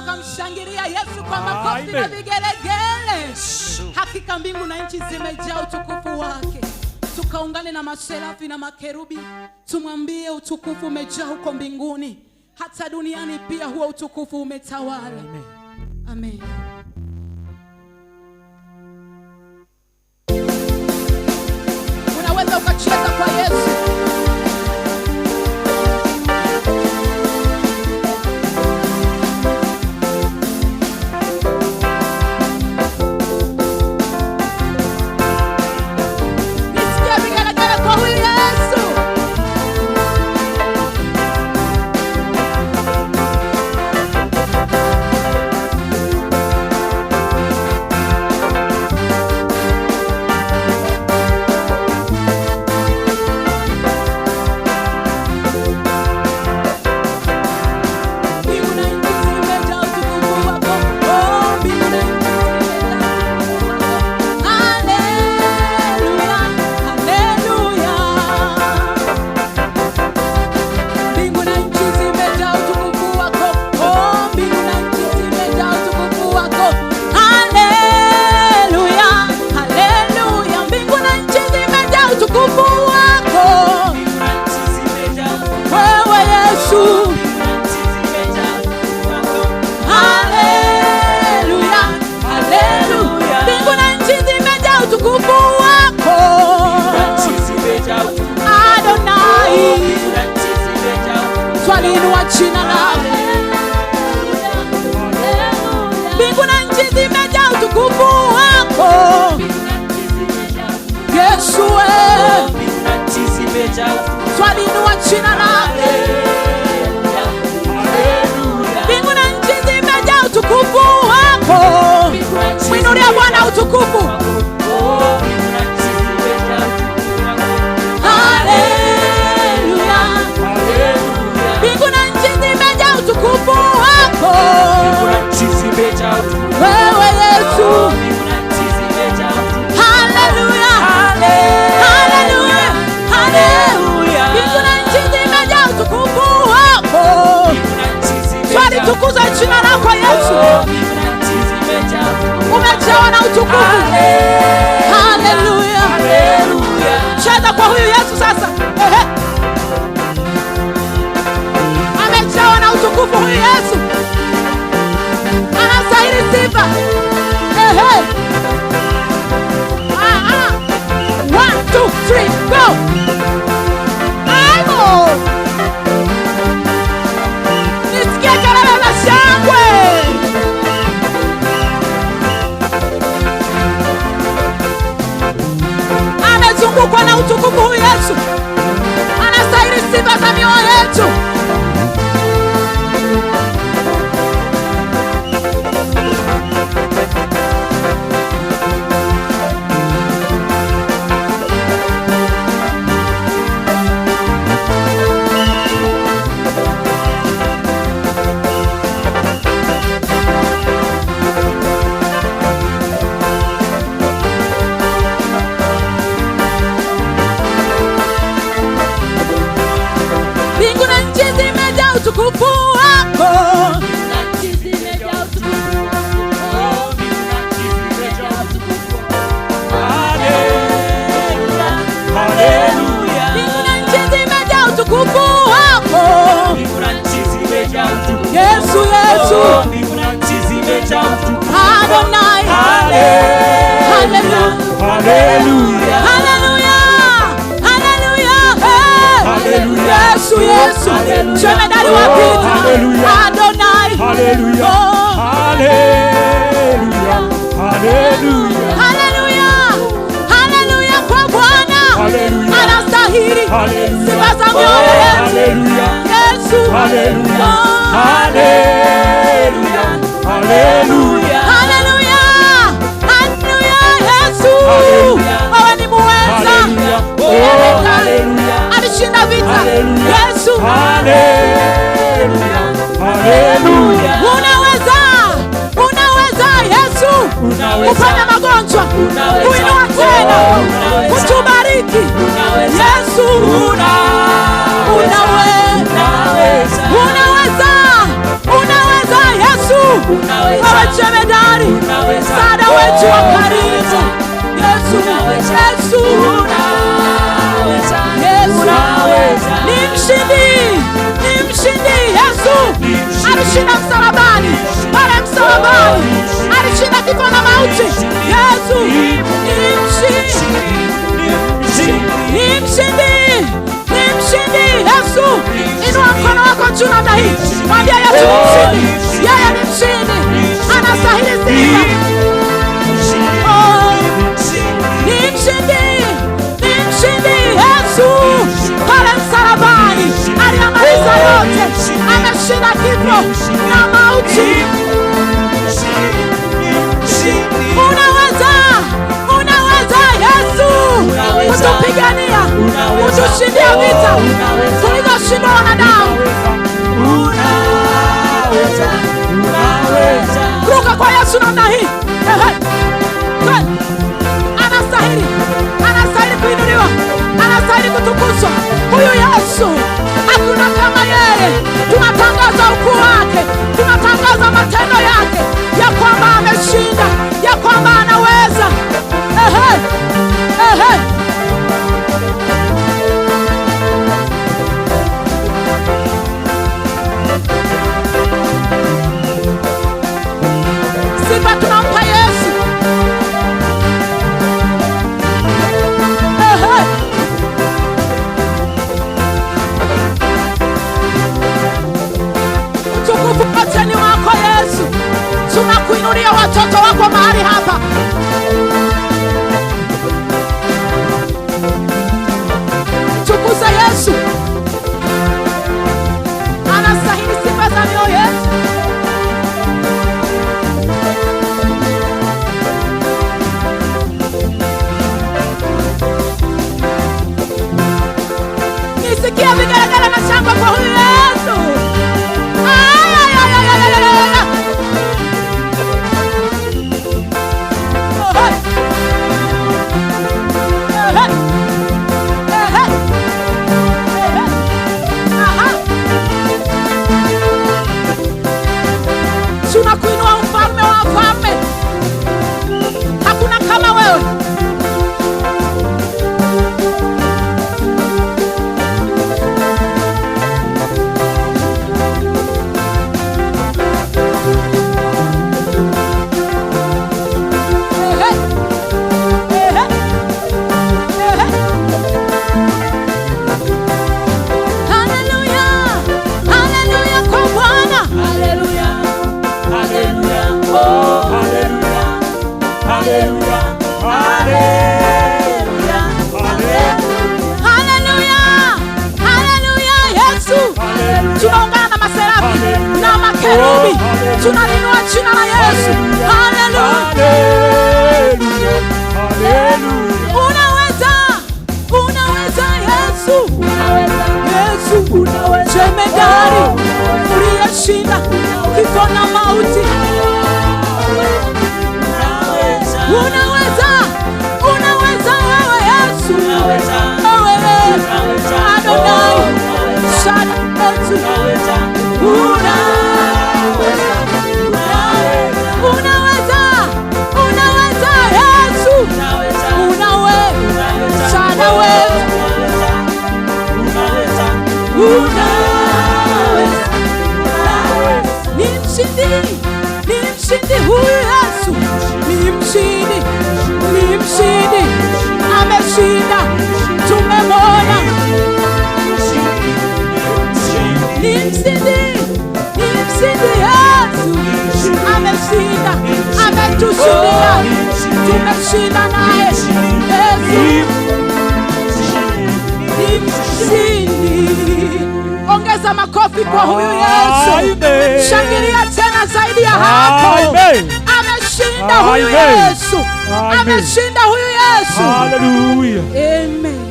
unaweza Yesu kwa makofi na vigelegele. Hakika mbingu na nchi zimejaa utukufu wake. Tukaungane na maserafi na makerubi, tumwambie utukufu umejaa huko mbinguni, hata duniani pia huo utukufu umetawala. Amen, amen. kuinua jina lako. Mbingu na nchi zimejaa utukufu wako Yesu, twainua jina lako. Mbingu na nchi zimejaa utukufu wako, mwinulia Bwana utukufu na umejawa na utukufu. Haleluya, cheza kwa huyu Yesu sasa. Ehe, amejawa na utukufu huyu Yesu, anastahili sifa. utukufu wako Hallelujah jemedari wa vita Adonai Haleluya oh. Haleluya Haleluya Haleluya Haleluya kwa Bwana anastahili sifa za oh, mioyo yetu Yesu Haleluya oh. Haleluya Haleluya Haleluya Haleluya Yesu wewe ni muweza Haleluya Haleluya alishinda vita Haleluya Unaweza, unaweza Yesu kufanya magonjwa kuinua tena, kutubariki Yesu, unaweza, unaweza Yesu, wewe jemedari, msaada wetu wa karibu Yesu, Yesu alishinda msalabani, pale msalabani alishinda kifo na mauti. Yesu ni mshindi, ni mshindi, Yesu, inua mkono wako juu namna hii, mwambia Yesu ni mshindi, yeye ni mshindi, anastahili sifa. Yesu pale msalabani aliyamaliza yote kushinda kifo na mauti. Unaweza, unaweza Yesu kutupigania, kutushindia vita tulizoshindwa wanadamu. Ruka kwa Yesu namna hii. tunalinua jina la Yesu. Haleluya, unaweza, unaweza Yesu, Yesu unaweza, jemedari uliyeshinda kifo na mauti, unaweza, unaweza wewe Yesu, wewe Adonai, Shada Shinda naye Yesu, ongeza makofi kwa huyu Yesu, shangilia tena zaidi ya hapo. Ameshinda huyu Yesu, ameshinda huyu Yesu. amen.